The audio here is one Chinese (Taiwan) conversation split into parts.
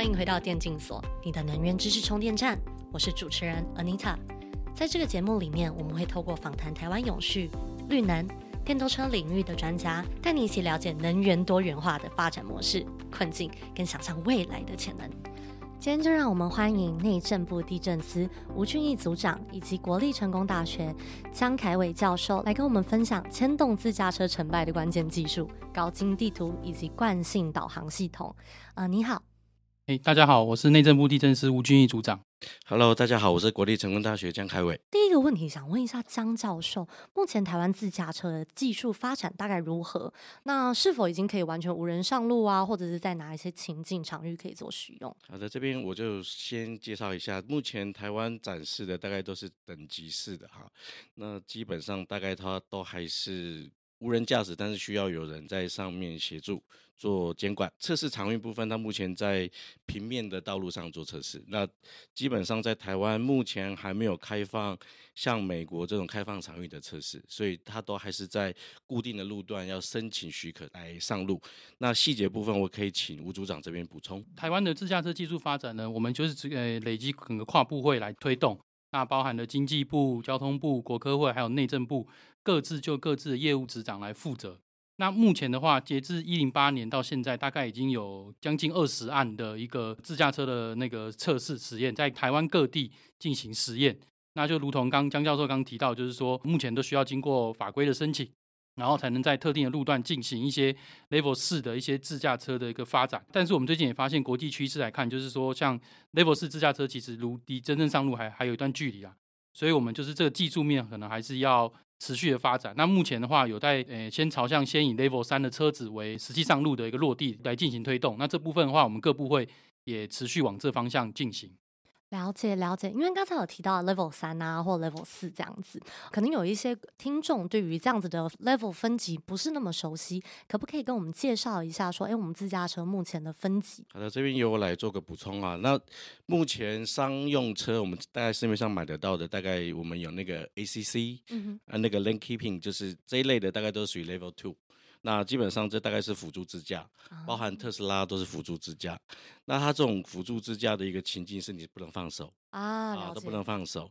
歡迎回到電競所，你的能源知識充電站。我是主持人 Anita。在這個節目裡面，我們會透過訪談台灣永續、綠能、電動車領域的專家，帶你一起了解能源多元化的發展模式、困境跟想象未來的潛能。今天就讓我們歡迎內政部的地政司吳俊毅組長以及國立成功大學江凱偉教授來跟我們分享牽動自駕車成敗的關鍵技術——高精地圖以及慣性導航系統。啊、呃，你好。Hey, 大家好，我是內政部地政司吳俊毅組長。Hello，大家好，我是國立成功大學江凱偉。第一個問題想問一下江教授，目前台灣自駕車的技術發展大概如何？那是否已經可以完全無人上路啊？或者是在哪一些情境場域可以做使用？好的，這邊我就先介紹一下，目前台灣展示的大概都是等級式的哈。那基本上大概它都還是無人駕駛，但是需要有人在上面協助。做監管測試場域部分，它目前在平面的道路上做測試。那基本上在台灣目前還沒有開放像美國這種開放場域的測試，所以它都還是在固定的路段要申請許可來上路。那細節部分我可以請吳組長這邊補充。台灣的自駕車技術發展呢，我們就是累積整個跨部會來推動，那包含了經濟部、交通部、國科會還有內政部，各自就各自的業務執掌來負責。那目前的話，截至一零八年到現在，大概已經有將近二十案的一個自駕車的那個測試實驗，在台灣各地進行實驗。那就如同剛江教授剛剛提到，就是說目前都需要經過法規的申請，然後才能在特定的路段進行一些 Level 四的一些自駕車的一個發展。但是我們最近也發現，國際趨勢來看，就是說像 Level 四自駕車其實如離真正上路還還有一段距離啊。所以我們就是這個技術面可能還是要持續的發展，那目前的話有在呃，先朝向先以 Level 三的車子為實際上路的一個落地來進行推動，那這部分的話，我們各部會也持續往這方向進行。了解了解，因為剛才有提到 level 三啊，或 level 四這樣子，可能有一些聽眾對於這樣子的 level 分級不是那麼熟悉，可不可以跟我們介紹一下？說，哎、欸，我們自駕車目前的分級。好的，這邊由我來做個補充啊。那目前商用車我們大概市面上買得到的，大概我們有那個 ACC，嗯哼，啊那個 Lane Keeping 就是這一類的，大概都屬於 level two。那基本上這大概是輔助自駕，嗯，包含特斯拉都是輔助自駕。那它這種輔助自駕的一個情境是你不能放手啊，啊，都不能放手。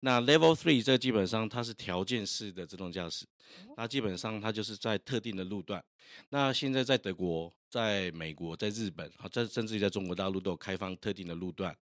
那 Level Three 這基本上它是條件式的自動駕駛，嗯，那基本上它就是在特定的路段。那現在在德國、在美國、在日本啊，甚至甚至於在中國大陸都有開放特定的路段。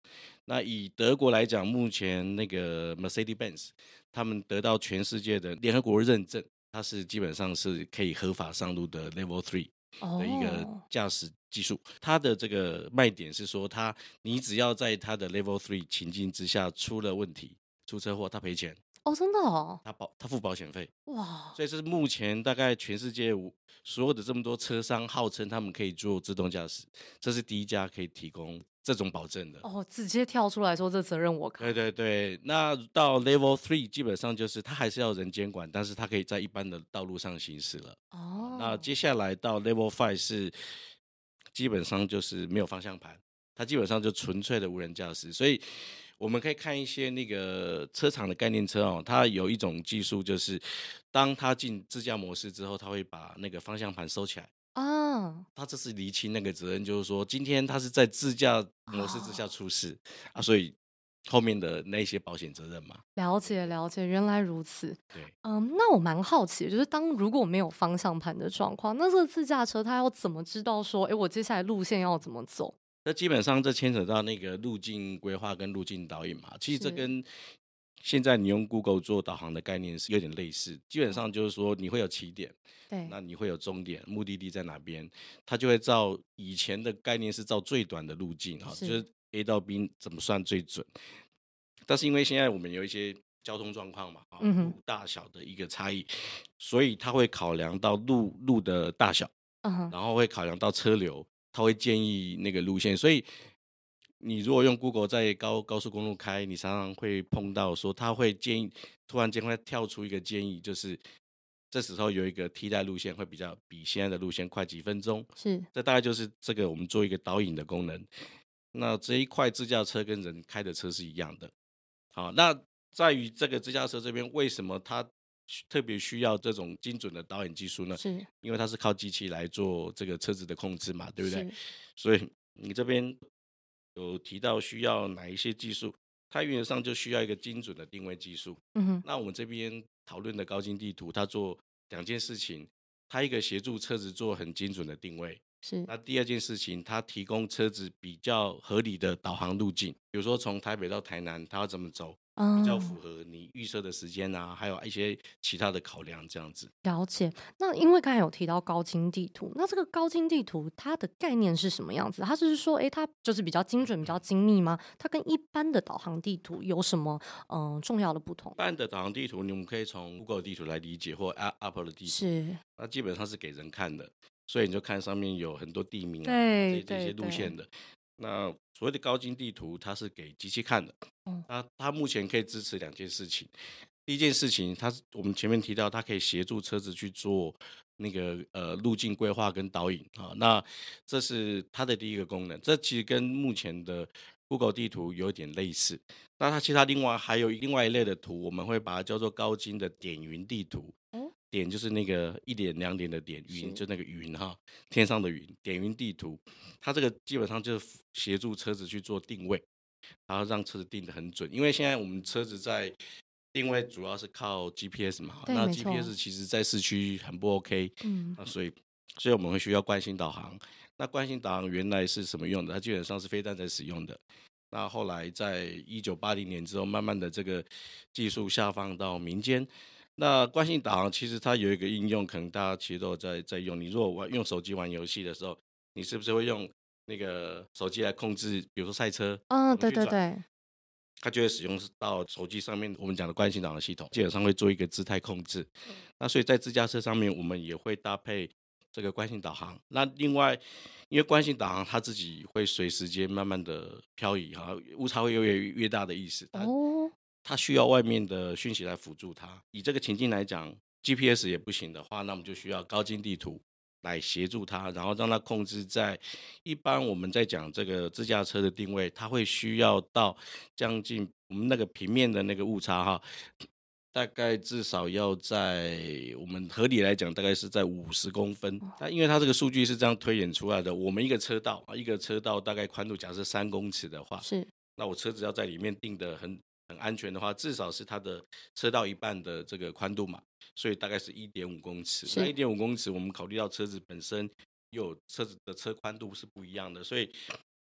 那以德國來講，目前那個 Mercedes-Benz 他們得到全世界的聯合國認證。它是基本上是可以合法上路的 Level Three 的一個駕駛技術。Oh. 它的這個賣點是說，它你只要在它的 Level Three 情境之下出了問題、出車禍，它賠錢。哦，oh，真的哦？它保，它付保險費。哇，wow！所以這是目前大概全世界所有的這麼多車商，號稱他們可以做自動駕駛，這是第一家可以提供。這種保證的哦，直接跳出來說，這責任我扛。對對對，那到 level three 基本上就是它還是要人監管，但是它可以在一般的道路上行駛了。哦，那接下來到 level five 是基本上就是沒有方向盤，它基本上就純粹的無人駕駛。所以我們可以看一些那個車廠的概念車哦，它有一種技術就是，當它進自駕模式之後，它會把那個方向盤收起來。啊，他這是釐清那個責任，就是說今天他是在自駕模式之下出事啊。啊，所以後面的那些保險責任嗎？了解了解，原來如此，對，嗯，那我蠻好奇，就是當如果沒有方向盤的狀況，那這個自駕車它要怎麼知道說，哎，我接下來路線要怎麼走？那基本上這牽扯到那個路徑規劃跟路徑導引嘛，其實這跟，現在你用 Google 做導航的概念是有點類似，基本上就是說你會有起點，對，那你會有終點，目的地在哪邊，它就會照以前的概念是照最短的路徑哈、哦，就是 A 到 B 怎麼算最準。但是因為現在我們有一些交通狀況嘛，嗯、哦、大小的一個差異，嗯、所以它會考量到路路的大小、嗯，然後會考量到車流，它會建議那個路線，所以。你如果用 Google 在高高速公路開，你常常會碰到說，他會建議，突然間會跳出一個建議，就是這時候有一個替代路線會比較比現在的路線快幾分鐘。是，這大概就是這個我們做一個導引的功能。那這一塊自駕車跟人開的車是一樣的。好，那在於這個自駕車這邊，為什麼它特別需要這種精準的導引技術呢？是，因為它是靠機器來做這個車子的控制嘛，對不對？所以你這邊。有提到需要哪一些技術？它原則上就需要一個精準的定位技術。嗯哼。那我們這邊討論的高精地圖，它做兩件事情：它一個協助車子做很精準的定位，是。那第二件事情，它提供車子比較合理的導航路徑，比如說，從台北到台南，它要怎麼走？嗯、比較符合你預設的時間啊，還有一些其他的考量這樣子。了解。那因為剛才有提到高精地圖，那這個高精地圖它的概念是什麼樣子？它就是說，哎、欸，它就是比較精準、比較精密嗎？它跟一般的導航地圖有什麼嗯、呃、重要的不同？一般的導航地圖，你們可以從 Google 地圖來理解，或 Apple 的地圖。是。那基本上是給人看的，所以你就看上面有很多地名、啊、對這，這些路線的。那所謂的高精地圖，它是給機器看的。那它目前可以支持兩件事情。第一件事情，它是我們前面提到，它可以協助車子去做那個呃路徑規劃跟導引啊。那這是它的第一個功能，這其實跟目前的 Google 地圖有點類似。那它其他另外還有另外一類的圖，我們會把它叫做高精的點雲地圖。點就是那個一點兩點的點雲是，就那個雲哈，天上的雲。點雲地圖，它這個基本上就是協助車子去做定位，然後讓車子定得很準。因為現在我們車子在定位主要是靠 GPS 嘛，那 GPS 其實在市區很不 OK。嗯，那、啊、所以所以我們會需要慣性導航。那慣性導航原來是什麼用的？它基本上是飛彈在使用的。那後來在一九八零年之後，慢慢的這個技術下放到民間。那慣性導航其實它有一個應用，可能大家其實都在在用。你如果玩用手機玩遊戲的時候，你是不是會用那個手機來控制？比如說賽車，嗯，對對對，它就會使用到手機上面我們講的慣性導航系統，基本上會做一個姿態控制。那所以在自駕車上面，我們也會搭配這個慣性導航。那另外，因為慣性導航它自己會隨時間慢慢的漂移哈，誤差會越有越越大的意思。哦。它需要外面的訊息來輔助它。以這個情境來講，GPS 也不行的話，那我們就需要高精地圖來協助它，然後讓它控制在，一般我們在講這個自駕車的定位，它會需要到將近我們那個平面的那個誤差哈，大概至少要在我們合理來講，大概是在五十公分。那因為它這個數據是這樣推演出來的，我們一個車道啊，一個車道大概寬度假設三公尺的話，是，那我車子要在裡面定的很，很安全的話，至少是它的車道一半的這個寬度嘛，所以大概是一點五公尺。那一點五公尺，我們考慮到車子本身有車子的車寬度是不一樣的，所以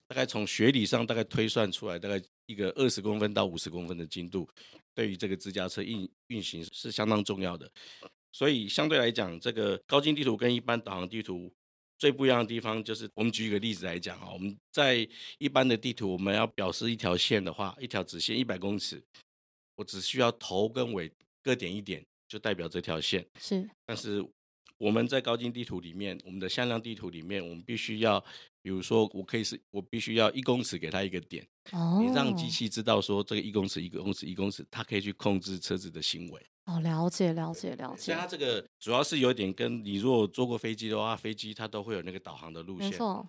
大概從學理上大概推算出來，大概一個二十公分到五十公分的精度，對於這個自駕車運運行是相當重要的。所以相對來講，這個高精地圖跟一般導航地圖。最不一樣的地方就是，我們舉一個例子來講哈，我們在一般的地圖，我們要表示一條線的話，一條直線一百公尺，我只需要頭跟尾各點一點，就代表這條線。是。但是我們在高精地圖裡面，我們的向量地圖裡面，我們必須要，比如說我可以是我必須要一公尺給他一個點，哦。你讓機器知道說這個一公尺、一公尺、一公尺，它可以去控制車子的行為。哦，了解、了解、了解。它這個主要是有點跟你如果坐過飛機的話，飛機它都會有那個導航的路線。沒錯。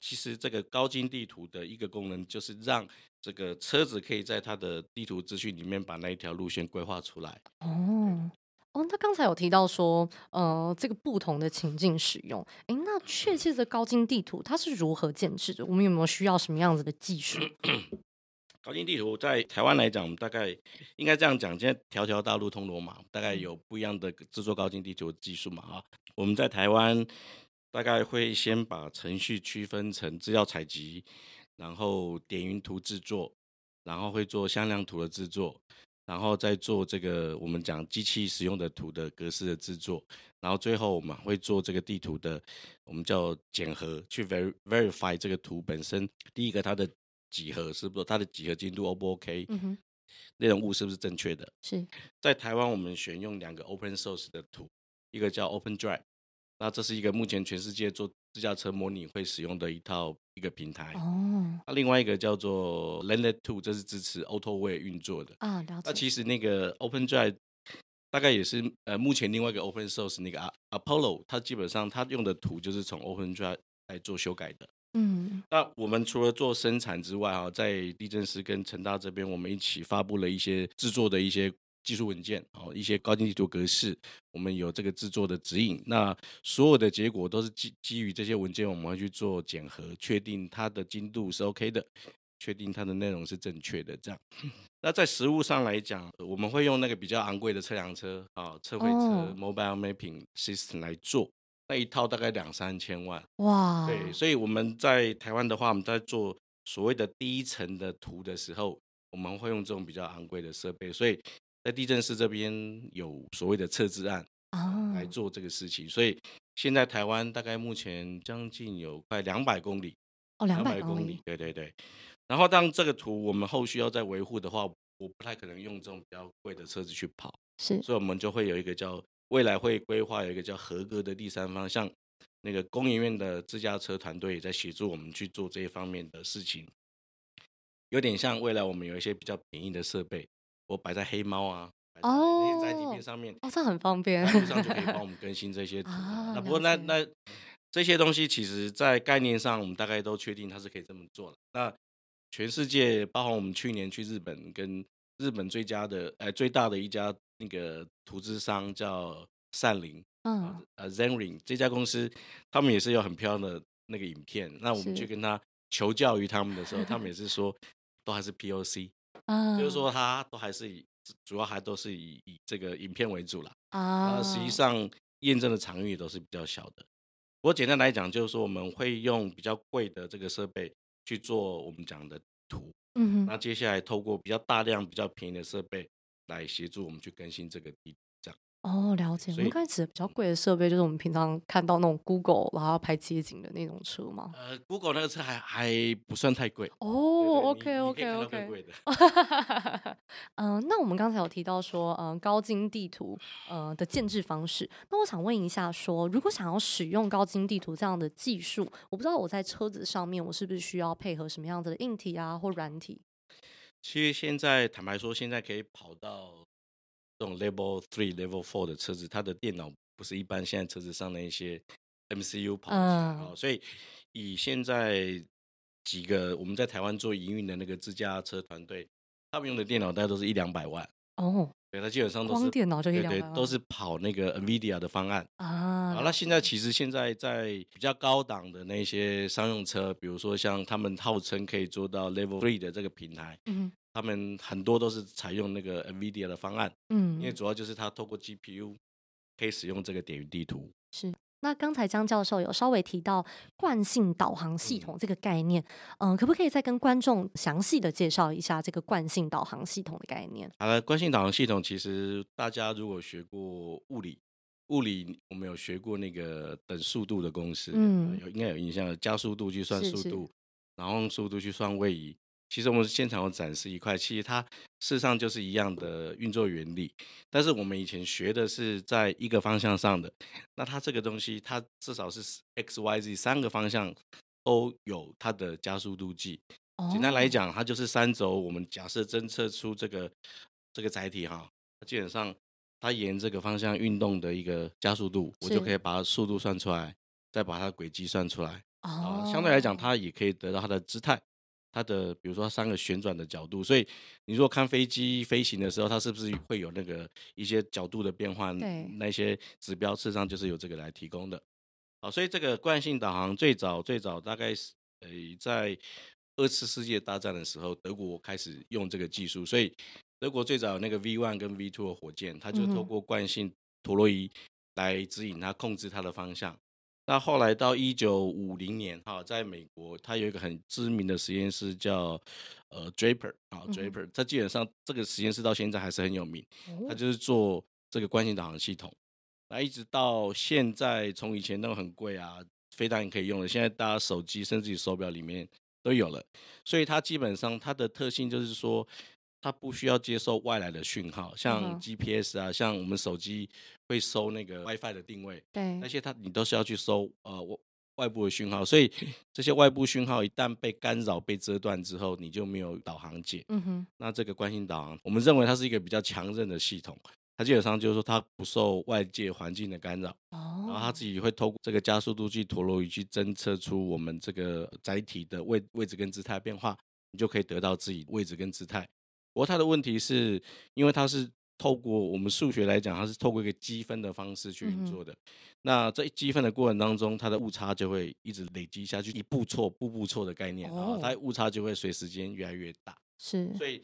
其實這個高精地圖的一個功能，就是讓這個車子可以在它的地圖資訊裡面把那一條路線規劃出來。哦哦，那剛才有提到說，呃，這個不同的情境使用，誒，那確切的高精地圖它是如何建制的？我們有沒有需要什麼樣子的技術？ 高精地圖在台灣來講，我們，大概應該這樣講，今天條條大路通羅馬，大概有不一樣的製作高精地圖技術嘛？啊，我們在台灣大概會先把程序區分成資料採集，然後點雲圖製作，然後會做向量圖的製作，然後再做這個我們講機器使用的圖的格式的製作，然後最後我們會做這個地圖的我們叫檢核，去 verify 這個圖本身第一個它的。幾何是不是它的幾何精度 O 不 OK？嗯哼，內容物是不是正確的？是在台灣，我們選用兩個 Open Source 的圖，一個叫 Open Drive，那這是一個目前全世界做自駕車模擬會使用的一套一個平台。哦，那、啊、另外一個叫做 Lanelet2，這是支持 Autoware 運作的。啊、哦，了解，那其實那個 Open Drive 大概也是呃，目前另外一個 Open Source 那個 a, Apollo，它基本上它用的圖就是從 Open Drive 來做修改的。嗯，那我們除了做生產之外，啊，哈，在地政司跟成大這邊，我們一起發布了一些制作的一些技術文件，哦，一些高精地圖格式，我們有這個制作的指引。那所有的結果都是基基於這些文件，我們會去做檢核，確定它的精度是 OK 的，確定它的內容是正確的。這樣， 那在實務上來講，我們會用那個比較昂貴的測量車，啊、哦，測繪車、哦、Mobile Mapping System 來做。那一套大概兩三千萬哇，對，所以我們在台灣的話，我們在做所謂的第一層的圖的時候，我們會用這種比較昂貴的設備，所以在地政司這邊有所謂的測制案啊、哦、來做這個事情。所以現在台灣大概目前將近有快兩百公里，哦，兩百公、公里，對對對。然後當這個圖我們後續要再維護的話，我不太可能用這種比較貴的車子去跑，是，所以我們就會有一個叫。未來會規劃有一個叫合格的第三方向，像那個工研院的自駕車團隊也在協助我們去做這一方面的事情。有點像未來我們有一些比較便宜的設備，我擺在黑貓啊，哦，在地面上面哦，哦，這很方便，上就可以幫我們更新這些。啊、哦，那不過那那這些東西其實在概念上我們大概都確定它是可以這麼做的。那全世界包括我們去年去日本跟。日本最佳的哎，最大的一家那個圖資商叫善林，嗯，呃、啊、Zenrin 這家公司，他們也是有很漂亮的那個影片。那我們去跟他求教於他們的時候，他們也是說， 都還是 POC，嗯、就是說他都還是主要還都是以以這個影片為主啦。啊、嗯，實際上驗證的場域都是比較小的。我簡單來講，就是說我們會用比較貴的這個設備去做我們講的圖。嗯， 那接下來透過比較大量、比較便宜的設備來協助我們去更新這個地圖。哦，了解。我們剛才指的比較貴的設備，就是我們平常看到那種 Google 然後要拍街景的那種車嘛。呃，Google 那個車還還不算太貴。哦，OK，OK，OK。嗯、okay, okay, okay. 呃，那我們剛才有提到說，嗯、呃，高精地圖，呃的建置方式。那我想問一下說，說如果想要使用高精地圖這樣的技術，我不知道我在車子上面我是不是需要配合什麼樣子的硬體啊或軟體？其實現在坦白說，現在可以跑到。這種 level three、level four 的車子，它的電腦不是一般現在車子上的一些 MCU 跑起、uh, 所以以現在幾個我們在台灣做營運的那個自駕車團隊，他們用的電腦大概都是一兩百萬哦，oh, 對，它基本上都是光電腦就一兩百萬對對對都是跑那個 NVIDIA 的方案啊。Uh, 那現在其實現在在比較高檔的那些商用車，比如說像他們號稱可以做到 level three 的這個平台，嗯、uh-huh.。他們很多都是採用那個 NVIDIA 的方案，嗯，因為主要就是它透過 GPU 可以使用這個點雲地圖。是。那剛才江教授有稍微提到慣性導航系統這個概念，嗯，嗯，可不可以再跟觀眾詳細的介紹一下這個慣性導航系統的概念？好的，慣性導航系統其實大家如果學過物理，物理我們有學過那個等速度的公式，嗯，呃、有應該有印象，加速度去算速度，然後用速度去算位移。其實我們現場有展示一塊，其實它事實上就是一樣的運作原理，但是我們以前學的是在一個方向上的，那它這個東西，它至少是 X、Y、Z 三個方向都有它的加速度計。哦。簡單來講，它就是三軸。我們假設偵測出這個這個載體哈、哦，基本上它沿這個方向運動的一個加速度，我就可以把它速度算出來，再把它的軌跡算出來。哦、啊。相對來講，它也可以得到它的姿態。它的比如說三個旋轉的角度，所以你如果看飛機飛行的時候，它是不是會有那個一些角度的變換？對，那些指標事實上就是由這個來提供的。好，所以這個慣性導航最早最早大概是誒、呃、在二次世界大戰的時候，德國開始用這個技術，所以德國最早有那個 V one 跟 V two 的火箭，它就透過慣性陀螺儀來指引它控制它的方向。嗯那後來到一九五零年，哈，在美國，他有一個很知名的實驗室叫，呃，Draper 啊，Draper，他、嗯、基本上這個實驗室到現在還是很有名，他就是做這個慣性導航系統，那一直到現在，從以前那個很貴啊，飛彈也可以用了，現在大家手機甚至於手錶裡面都有了，所以它基本上它的特性就是說，它不需要接受外來的訊號，像 GPS 啊，嗯、像我們手機會收那個 WiFi 的定位，對，那些它你都是要去收呃外外部的訊號，所以這些外部訊號一旦被干擾、被遮斷之後，你就沒有導航解。嗯哼，那這個慣性導航，我們認為它是一個比較強韌的系統，它基本上就是說它不受外界環境的干擾，哦、然後它自己會透過這個加速度計、陀螺儀去偵測出我們這個載體的位位置跟姿態變化，你就可以得到自己位置跟姿態。不過它的問題是，因為它是透過我們數學來講，它是透過一個積分的方式去運作的。嗯、那在積分的過程當中，它的誤差就會一直累積下去，一步錯步步錯的概念，然、哦、後、啊、它的誤差就會隨時間越來越大。是，所以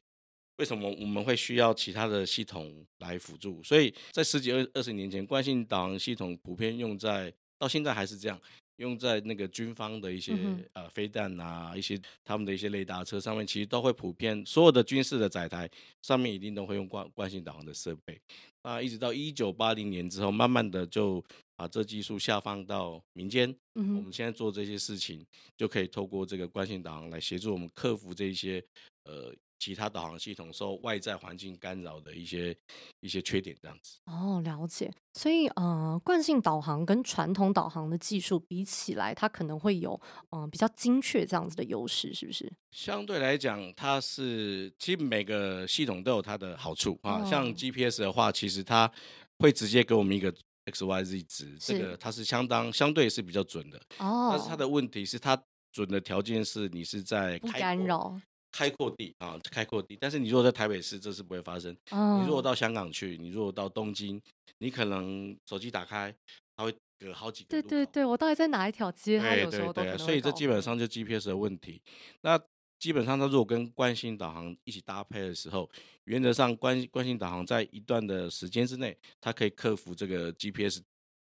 為什麼我們會需要其他的系統來輔助？所以在十幾二、二二十年前，慣性導航系統普遍用在，到現在還是這樣。用在那個軍方的一些、嗯、呃飛彈啊，一些他們的一些雷達車上面，其實都會普遍所有的軍事的載台上面一定都會用慣慣性導航的設備。那一直到一九八零年之後，慢慢的就把這技術下放到民間、嗯。我們現在做這些事情，就可以透過這個慣性導航來協助我們克服這一些呃。其他導航系統受外在環境干擾的一些一些缺點，這樣子哦，了解。所以呃，慣性導航跟傳統導航的技術比起來，它可能會有嗯、呃、比較精確這樣子的優勢，是不是？相對來講，它是其實每個系統都有它的好處、哦、啊。像 GPS 的話，其實它會直接給我們一個 XYZ 值，這個它是相當相對是比較準的哦。但是它的問題是，它準的條件是你是在開不干擾。開闊地啊，開闊地。但是你如果在台北市，這是不會發生。嗯。你如果到香港去，你如果到東京，你可能手機打開，它會隔好幾個。對對對，我到底在哪一條街？對對對，它有時候都可能對對對，所以這基本上就 GPS 的問題。那基本上它如果跟慣性導航一起搭配的時候，原則上慣慣性導航在一段的時間之內，它可以克服這個 GPS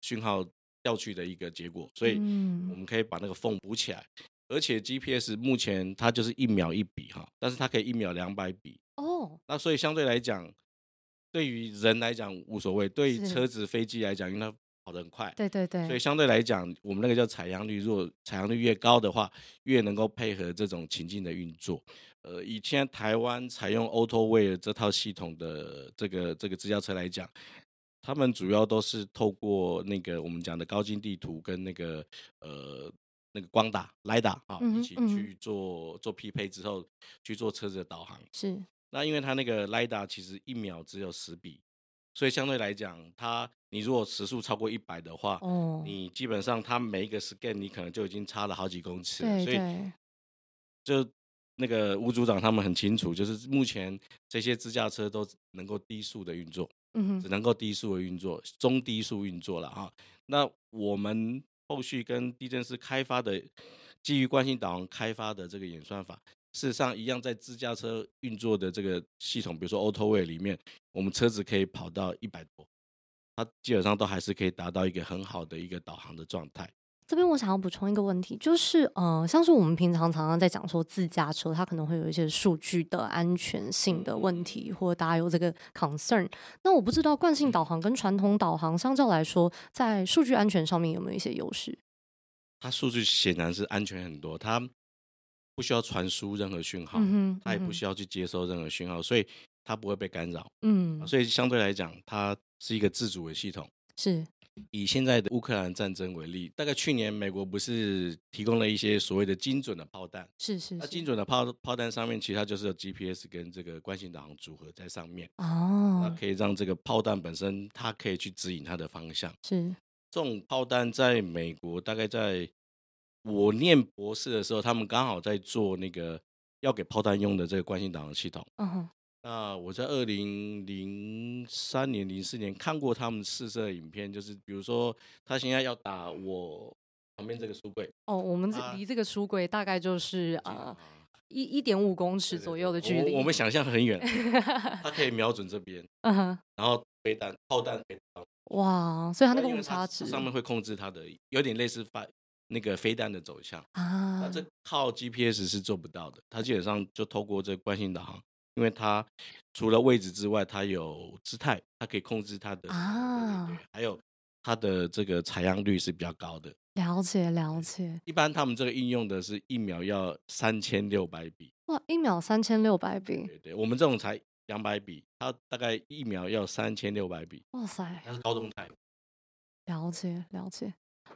訊號掉去的一個結果，所以我們可以把那個縫補起來。嗯而且 GPS 目前它就是一秒一筆哈，但是它可以一秒兩百筆哦。Oh. 那所以相對來講，對於人來講無所謂，對於車子、飛機來講，因為它跑得很快。對對對。所以相對來講，我們那個叫採樣率，如果採樣率越高的話，越能夠配合這種情境的運作。呃，以前台灣採用 Autoware 這套系統的這個這個自駕車來講，他們主要都是透過那個我們講的高精地圖跟那個呃。那個光達 Lidar 啊，一起、嗯、去做做匹配之後，去做車子的導航。是，那因為它那個 Lidar 其實一秒只有十筆，所以相對來講，它，你如果時速超過一百的話，哦，你基本上它每一個 scan 你可能就已經差了好幾公尺，所以，就那個吳組長他們很清楚，就是目前這些自駕車都能夠低速的運作，嗯，只能夠低速的運作，中低速運作了哈。那我們。後續跟地震是開發的基於慣性導航開發的這個演算法，事實上一樣在自駕車運作的這個系統，比如說 Autoware 裡面，我們車子可以跑到一百多，它基本上都還是可以達到一個很好的一個導航的狀態。這邊我想要補充一個問題，就是呃，像是我們平常常常在講說，自駕車它可能會有一些數據的安全性的問題，或大家有這個 concern。那我不知道慣性導航跟傳統導航相較來說，在數據安全上面有沒有一些優勢？它數據顯然是安全很多，它不需要傳輸任何訊號，嗯嗯，它也不需要去接收任何訊號，所以它不會被干擾。嗯、啊，所以相對來講，它是一個自主的系統。是。以現在的烏克蘭戰爭為例，大概去年美國不是提供了一些所謂的精準的炮彈？是是，是。那、啊、精準的炮炮彈上面其實它就是有 GPS 跟這個慣性導航組合在上面那、哦、可以讓這個炮彈本身它可以去指引它的方向。是。這種炮彈在美國大概在我念博士的時候，他們剛好在做那個要給炮彈用的這個慣性導航系統。嗯。那、uh, 我在二零零三年、零四年看過他們試射影片，就是比如說他現在要打我旁邊這個書櫃。哦、oh,，我們這離這個書櫃大概就是啊一一點五公尺左右的距離。我們想象很遠， 他可以瞄準這邊，uh -huh. 然後飛彈、炮彈、飛彈。哇，所以它那個誤差值上面會控制它的，有點類似發那個飛彈的走向啊。Uh -huh. 他這靠 GPS 是做不到的，它基本上就透過這慣性導航。因為它除了位置之外，它有姿態，它可以控制它的啊，還有它的這個採樣率是比較高的。了解了解，一般他們這個應用的是一秒要三千六百筆。哇，一秒三千六百筆。對，對，我們這種才兩百筆，它大概一秒要三千六百筆。哇塞，它是高動態。了解了解。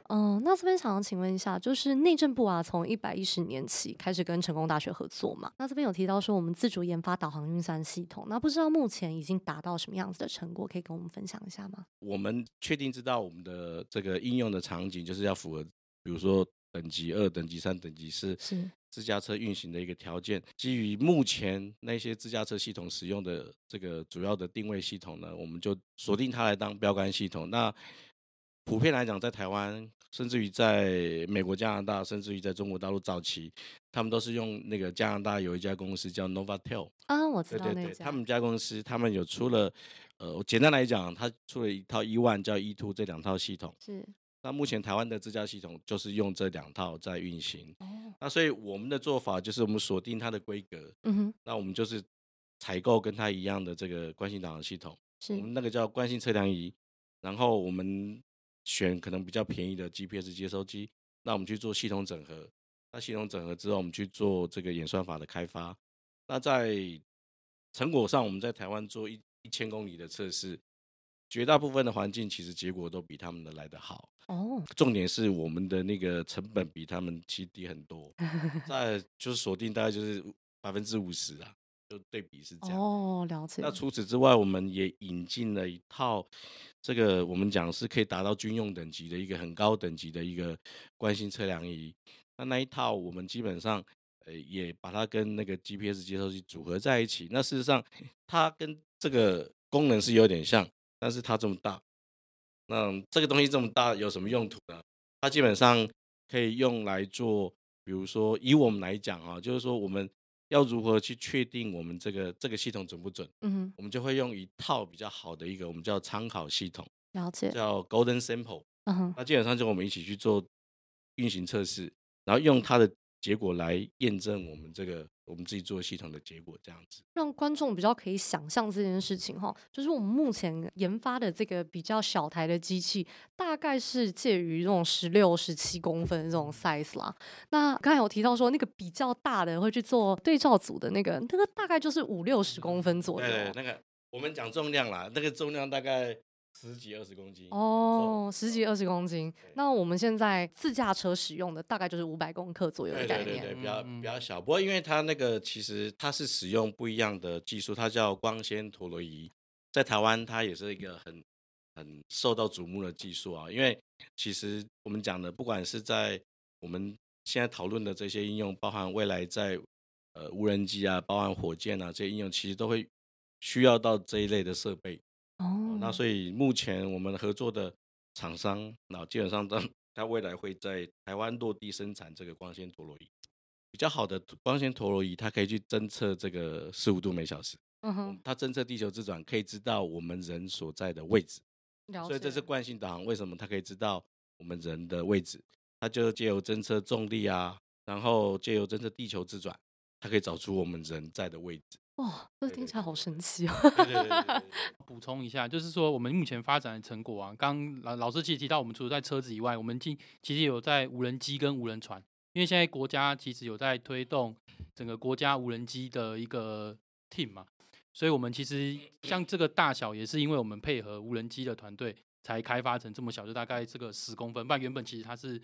嗯，那這邊想要請問一下，就是內政部啊，從一百一十年起開始跟成功大學合作嘛。那這邊有提到說我們自主研發導航運算系統，那不知道目前已經達到什麼樣子的成果，可以跟我們分享一下嗎？我們確定知道我們的這個應用的場景就是要符合，比如說等級二、等級三、等級四，是自駕車運行的一個條件。基於目前那些自駕車系統使用的這個主要的定位系統呢，我們就鎖定它來當標杆系統。那普遍來講，在台灣，甚至於在美國、加拿大，甚至於在中國大陸早期，他們都是用那個加拿大有一家公司叫 Novatel。啊，我知道對對對，他們家公司，他們有出了，呃，簡單來講，他出了一套 E One 叫 E Two 這兩套系統是。那目前台灣的自駕系統就是用這兩套在運行。哦。那所以我們的做法就是我們鎖定它的規格，嗯哼。那我們就是採購跟他一樣的這個慣性導航系統，是。我們那個叫慣性測量儀，然後我們。選可能比較便宜的 GPS 接收機，那我們去做系統整合。那系統整合之後，我們去做這個演算法的開發。那在成果上，我們在台灣做一一千公里的測試，絕大部分的環境其實結果都比他們的來得好。哦，Oh，重點是我們的那個成本比他們其實低很多，在就是鎖定大概就是百分之五十啊。就對比是這樣哦，了解。那除此之外，我們也引進了一套這個我們講是可以達到軍用等級的一個很高等級的一個慣性測量儀。那那一套我們基本上呃也把它跟那個 GPS 接收器組合在一起。那事實上，它跟這個功能是有點像，但是它這麼大，那這個東西這麼大有什麼用途呢？它基本上可以用來做，比如說以我們來講啊，就是說我們。要如何去確定我們這個這個系統準不準？嗯哼，我們就會用一套比較好的一個我們叫參考系統，了解，叫 Golden Sample。嗯哼，那基本上就我們一起去做運行測試，然後用它的。結果來驗證我們這個我們自己做系統的結果，這樣子讓觀眾比較可以想象這件事情哈，就是我們目前研發的這個比較小台的機器，大概是介於這種十六、十七公分的這種 size 啦。那剛才有提到說那個比較大的會去做對照組的那個，那個大概就是五六十公分左右。嗯，對，那個我們講重量啦，那個重量大概十幾二十公斤哦、oh，十幾二十公斤。對對對對，那我們現在自駕車使用的大概就是五百公克左右的概念，對對，對，比較比較小。不過因為它那個其實它是使用不一樣的技術，它叫光纖陀螺儀，在台灣它也是一個很很受到矚目的技術啊。因為其實我們講的，不管是在我們現在討論的這些應用，包含未來在呃無人機啊，包含火箭啊這些應用，其實都會需要到這一類的設備。哦，那所以目前我們合作的廠商，那基本上它他未來會在台灣落地生產這個光纖陀螺儀。比較好的光纖陀螺儀，它可以去偵測這個十五度每小時。嗯哼。它偵測地球自轉，可以知道我們人所在的位置。了解。所以這是慣性導航，為什麼它可以知道我們人的位置？它就借由偵測重力啊，然後借由偵測地球自轉，它可以找出我們人在的位置。哇、哦，這聽起來好神奇哦、啊！補 充一下，就是說我們目前發展的成果啊，剛老老師其實提到，我們除了在車子以外，我們今其實有在無人機跟無人船，因為現在國家其實有在推動整個國家無人機的一個 team 嘛，所以我們其實像這個大小也是因為我們配合無人機的團隊才開發成這麼小，就大概這個十公分，不然原本其實它是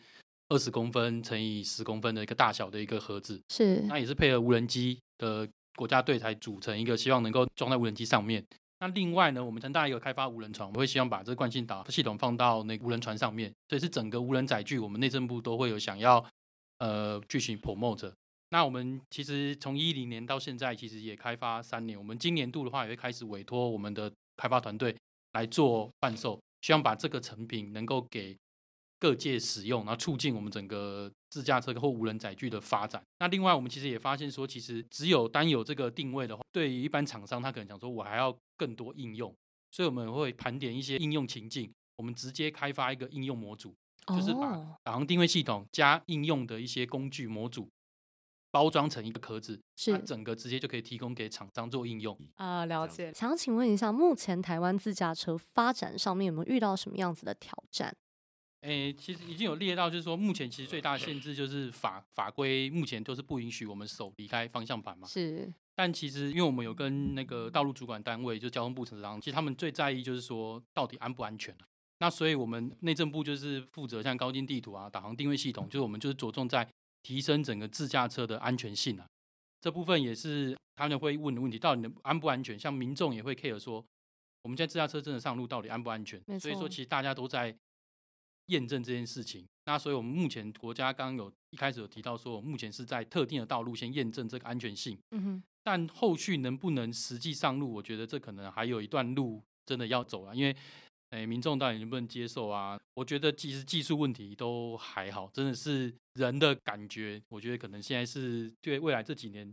二十公分乘以十公分的一個大小的一個盒子，是那也是配合無人機的。國家隊才組成一個，希望能夠裝在無人機上面。那另外呢，我們成大一個開發無人船，我會希望把這個慣性導航系統放到那個無人船上面，所以是整個無人載具，我們內政部都會有想要呃進行 promote。那我們其實從一零年到現在，其實也開發三年，我們今年度的話也會開始委託我們的開發團隊來做販售，希望把這個成品能夠給。各界使用，然後促進我們整個自駕車或無人載具的發展。那另外，我們其實也發現說，其實只有單有這個定位的話，對於一般廠商，他可能講說，我還要更多應用。所以我們會盤點一些應用情境，我們直接開發一個應用模組，就是把導航定位系統加應用的一些工具模組包裝成一個殼子，是、oh. 整個直接就可以提供給廠商做應用。啊、uh, 了解了。想請問一下，目前台灣自駕車發展上面有沒有遇到什麼樣子的挑戰？誒、欸，其實已經有列到，就是說目前其實最大的限制就是法法規目前都是不允許我們手離開方向盤嘛。是。但其實因為我們有跟那個道路主管單位，就交通部陳司長，其實他們最在意就是說到底安不安全啊。那所以我們內政部就是負責像高精地圖啊、導航定位系統，就是我們就是着重在提升整個自駕車的安全性啊。這部分也是他們會問的問題，到底能安不安全？像民眾也會 care 說，我們現在自駕車真的上路到底安不安全？沒錯。所以說其實大家都在。驗證這件事情，那所以我們目前國家剛剛有一開始有提到說，我們目前是在特定的道路先驗證這個安全性。嗯哼。但後續能不能實際上路，我覺得這可能還有一段路真的要走了。啊，因為誒、哎、民眾到底能不能接受啊？我覺得其實技術問題都還好，真的是人的感覺，我覺得可能現在是對未來這幾年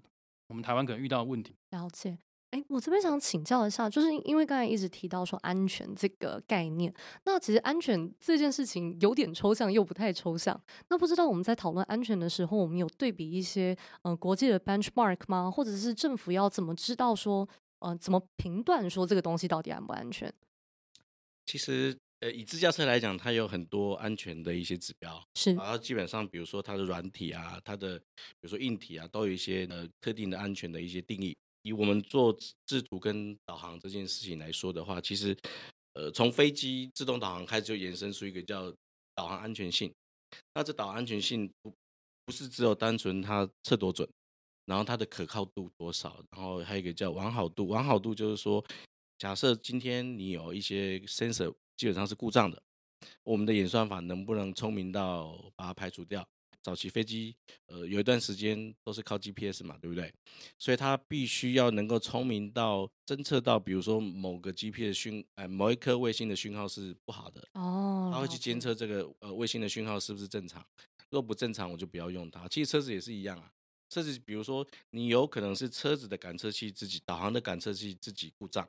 我們台灣可能遇到的問題。了解。哎，我這邊想請教一下，就是因為剛才一直提到說安全這個概念，那其實安全這件事情有點抽象又不太抽象。那不知道我們在討論安全的時候，我們有對比一些、呃、國際的 benchmark 嗎？或者是政府要怎麼知道說、呃、怎麼評斷說這個東西到底安不安全？其實呃以自駕車來講，它有很多安全的一些指標，是然後、啊、基本上比如說它的軟體啊，它的比如說硬體啊，都有一些呃特定的安全的一些定義。以我們做制圖跟導航這件事情來說的話，其實，呃，從飛機自動導航開始就延伸出一個叫導航安全性。那這導航安全性不不是只有單純它測多準，然後它的可靠度多少，然後還有一個叫完好度。完好度就是說，假設今天你有一些 sensor 基本上是故障的，我們的演算法能不能聰明到把它排除掉？早期飛機呃有一段時間都是靠 GPS 嘛，對不對？所以它必須要能夠聰明到偵測到，比如說某個 GPS 的訊、呃，某一顆衛星的訊號是不好的，oh, 他它會去監測這個、okay. 呃衛星的訊號是不是正常，若不正常我就不要用它。其實車子也是一樣啊，車子比如說你有可能是車子的感測器，自己導航的感測器自己故障，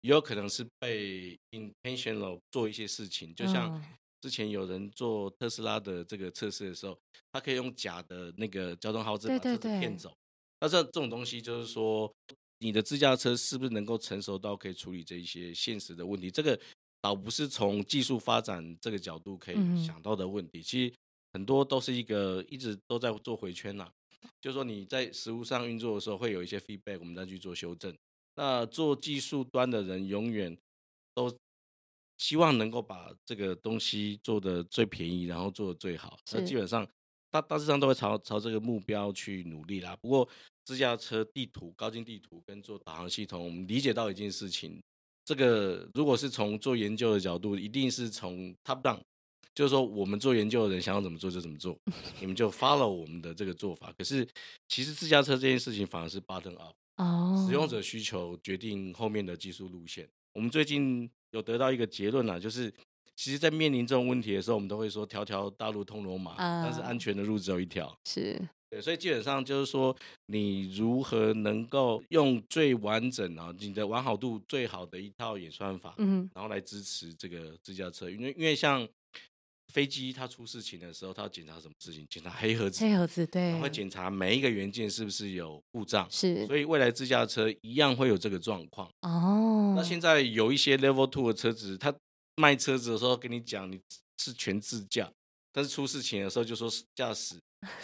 也有可能是被 intentional 做一些事情，嗯、就像。之前有人做特斯拉的這個測試的時候，他可以用假的那個交通標誌把車子騙走。對對對，那這這種東西就是說，你的自駕車是不是能夠成熟到可以處理這一些現實的問題？這個倒不是從技術發展這個角度可以想到的問題。嗯、其實很多都是一個一直都在做回圈吶、啊，就是說你在實務上運作的時候會有一些 feedback，我們再去做修正。那做技術端的人永遠都。希望能夠把這個東西做得最便宜，然後做得最好。基本上，大大致上都會朝朝這個目標去努力啦。不過，自駕車地圖、高精地圖跟做導航系統，我們理解到一件事情：這個如果是從做研究的角度，一定是從 top down，就是說我們做研究的人想要怎麼做就怎麼做， 你們就 follow 我們的這個做法。可是，其實自駕車這件事情反而是 bottom up，oh，使用者需求決定後面的技術路線。我們最近。有得到一個結論呢、啊，就是其實，在面臨這種問題的時候，我們都會說“條條大路通羅馬、uh, ”，但是安全的路只有一條。是，對，所以基本上就是說，你如何能夠用最完整啊，你的完好度最好的一套演算法、mm-hmm. 然後來支持這個自駕車，因為因為像。飛機它出事情的時候，它要檢查什麼事情？檢查黑盒子。黑盒子對。它會檢查每一個元件是不是有故障。是。所以未來自駕車一樣會有這個狀況。哦。那現在有一些 Level Two 的車子，他賣車子的時候跟你講你是全自駕，但是出事情的時候就說駕駛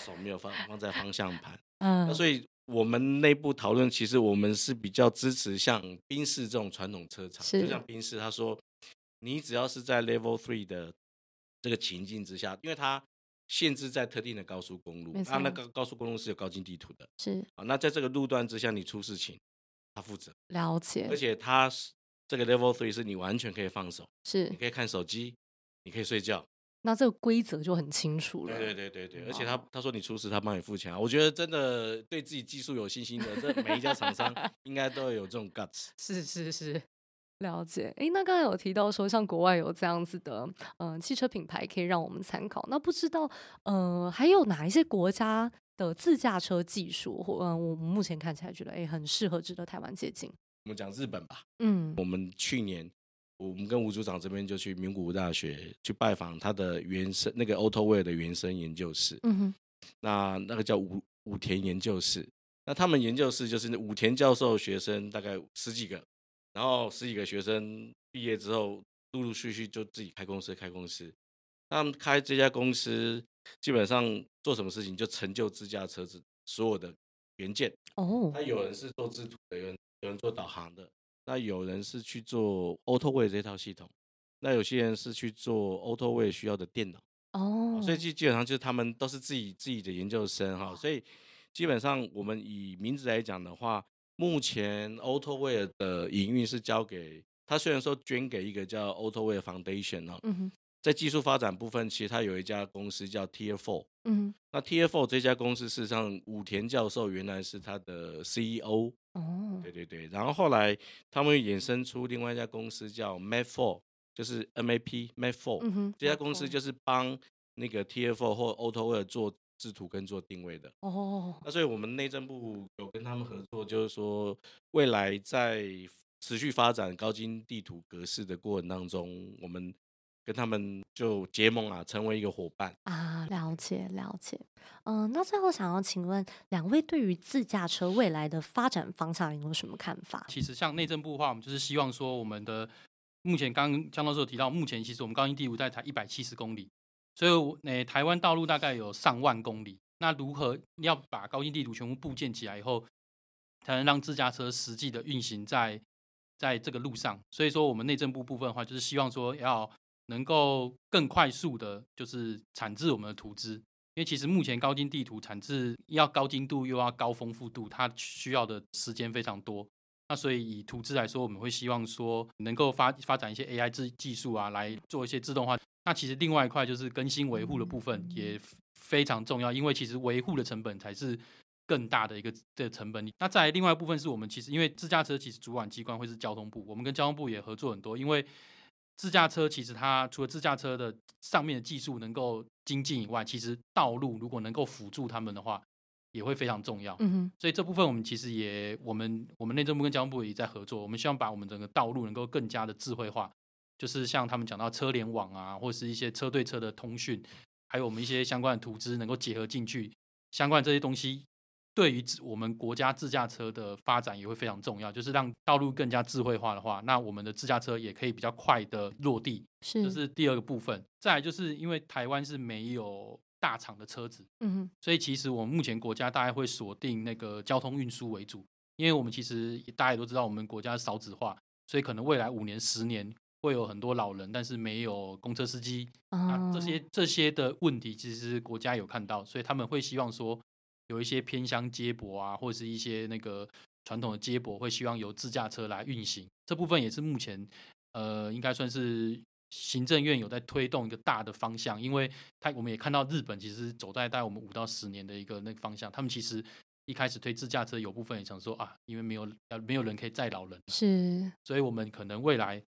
手沒有放 放在方向盤。嗯。那所以我們內部討論，其實我們是比較支持像賓士這種傳統車廠，就像賓士他說，你只要是在 Level Three 的。這個情境之下，因為它限制在特定的高速公路，啊，那個高速公路是有高精地圖的，是啊。那在這個路段之下，你出事情，他負責。了解。而且，他這個 Level Three 是你完全可以放手，是，你可以看手機，你可以睡覺。那這個規則就很清楚了。對對對對對，嗯，而且他他說你出事他幫你付錢，啊，我覺得真的對自己技術有信心的， 這每一家廠商應該都有這種 guts。是是是。了解，哎，那剛才有提到說，像國外有這樣子的，嗯、呃，汽車品牌，可以讓我們參考。那不知道，呃，還有哪一些國家的自駕車技術，或、呃、嗯，我們目前看起來覺得，哎，很適合值得台灣接近。我們講日本吧，嗯，我們去年，我們跟吳組長這邊就去名古屋大學去拜訪他的原生那個 Autoware 的原生研究室，嗯哼，那那個叫武武田研究室，那他們研究室就是武田教授學生大概十幾個。然後十幾個學生畢業之後，陸陸續續就自己開公司開公司。那麼開這家公司，基本上做什麼事情，就成就自駕車子所有的元件。哦。他有人是做製圖的，有人有人做導航的，那有人是去做 Autoware 這套系統，那有些人是去做 Autoware 需要的電腦。哦、oh.。所以基基本上就是他們都是自己自己的研究生哈，所以基本上我們以名字來講的話。目前，AutoWare 的營運是交給他，雖然說捐給一個叫 AutoWare Foundation 哦、嗯哼，在技術發展部分，其實他有一家公司叫 TF4，嗯哼，那 TF4 這家公司，事實上武田教授原來是他的 CEO 哦，對對對，然後後來他們衍生出另外一家公司叫 Map4，就是 MAP Map4，嗯哼，這家公司就是幫那個 TF4 或 AutoWare 做。製圖跟做定位的哦，oh. 那所以我們內政部有跟他們合作，就是說未來在持續發展高精地圖格式的過程當中，我們跟他們就結盟啊，成為一個夥伴啊。了解了解，嗯、呃，那最後想要請問兩位對於自駕車未來的發展方向，有什麼看法？其實像內政部的話，我們就是希望說，我們的目前剛剛江教授提到，目前其實我們高精地圖在才一百七十公里。所以，我、欸、誒，台灣道路大概有上萬公里。那如何要把高精地圖全部布建起來以後，才能讓自駕車實際的運行在在這個路上？所以說，我們內政部部分的話，就是希望說要能夠更快速的，就是產製我們的圖資。因為其實目前高精地圖產製要高精度又要高豐富度，它需要的時間非常多。那所以以圖資來說，我們會希望說能夠發發展一些 AI 技技術啊，來做一些自動化。那其實另外一塊就是更新維護的部分也非常重要，因為其實維護的成本才是更大的一個的成本。那在另外一部分是我們其實因為自駕車其實主管機關會是交通部，我們跟交通部也合作很多，因為自駕車其實它除了自駕車的上面的技術能夠精進以外，其實道路如果能夠輔助他們的話。也會非常重要。嗯哼，所以這部分我們其實也我們我們內政部跟交通部也在合作，我們希望把我們整個道路能夠更加的智慧化，就是像他們講到車聯網啊，或是一些車對車的通訊，還有我們一些相關的圖資能夠結合進去，相關的這些東西對於我們國家自駕車的發展也會非常重要，就是讓道路更加智慧化的話，那我們的自駕車也可以比較快的落地，這是。就是第二個部分。再來就是因為台灣是沒有。大廠的車子，嗯，所以其實我們目前國家大概會鎖定那個交通運輸為主，因為我們其實也大家也都知道我們國家少子化，所以可能未來五年、十年會有很多老人，但是沒有公車司機啊，這些這些的問題其實國家有看到，所以他們會希望說有一些偏鄉接駁啊，或者是一些那個傳統的接駁會希望由自駕車來運行，這部分也是目前呃應該算是。行政院有在推動一個大的方向，因為他我們也看到日本其實走在帶我們五到十年的一個那個方向。他們其實一開始推自駕車，有部分也想說啊，因為沒有、啊、沒有人可以載老人，是，所以我們可能未來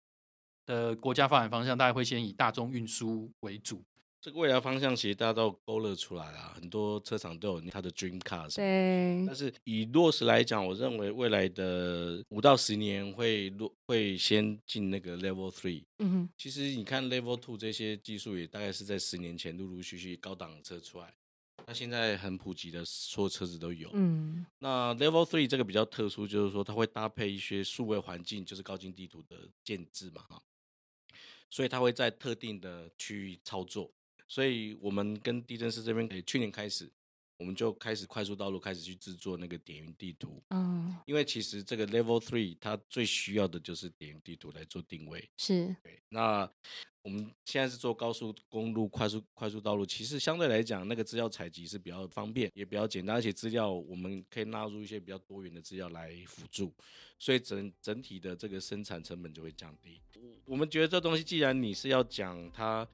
的國家發展方向，大概會先以大眾運輸為主。這個未來方向其實大家都勾勒出來了啊，很多車廠都有它的 dream cars。對。但是以落實來講，我認為未來的五到十年會落會先進那個 level three。嗯哼。其實你看 level two 這些技術也大概是在十年前陸陸續續高檔的車出來，那現在很普及的，所有車子都有。嗯。那 level three 這個比較特殊，就是說它會搭配一些數位環境，就是高精地圖的建置嘛，哈。所以它會在特定的區域操作。所以，我們跟地政司這邊，誒，去年開始，我們就開始快速道路開始去制作那個點雲地圖。嗯。因為其實這個 level three 它最需要的就是點雲地圖來做定位。是。對。那我們現在是做高速公路快速快速道路，其實相對來講，那個資料採集是比較方便，也比較簡單，而且資料我們可以納入一些比較多元的資料來輔助，所以整整體的這個生產成本就會降低。我我們覺得這東西，既然你是要講它。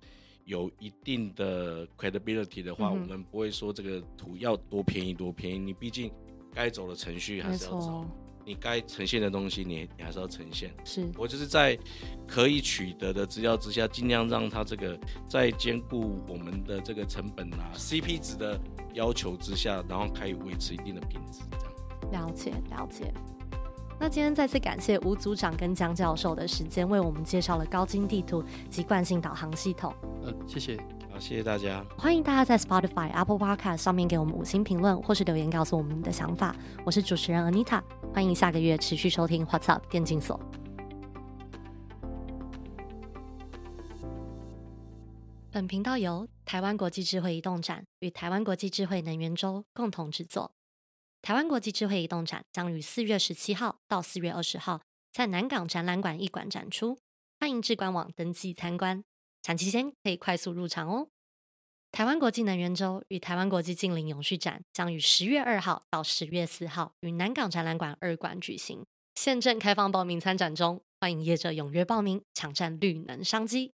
有一定的 credibility 的話，嗯，我們不會說這個圖要多便宜多便宜。你畢竟該走的程序還是要走，你該呈現的東西你你還是要呈現。是，我就是在可以取得的資料之下，盡量讓它這個在兼顧我們的這個成本啊 CP 值的要求之下，然後可以維持一定的品質，這樣。了解了解。那今天再次感謝吳組長跟江教授的時間，為我們介紹了高精地圖及慣性導航系統。呃，謝謝。好，啊，謝謝大家。歡迎大家在 Spotify、Apple Podcast 上面給我們五星評論，或是留言告訴我們你的想法。我是主持人 Anita，歡迎下個月持續收聽 What's Up 電競所。本頻道由台灣國際智慧移動展與台灣國際智慧能源周共同制作。台灣國際智慧移動展將於四月十七號到四月二十號在南港展覽館一館展出，歡迎至官網登記參觀。展期間可以快速入場哦。台灣國際能源周與台灣國際淨零永續展將於十月二號到十月四號於南港展覽館二館舉行，現正開放報名參展中，歡迎業者踴躍報名，搶佔綠能商機。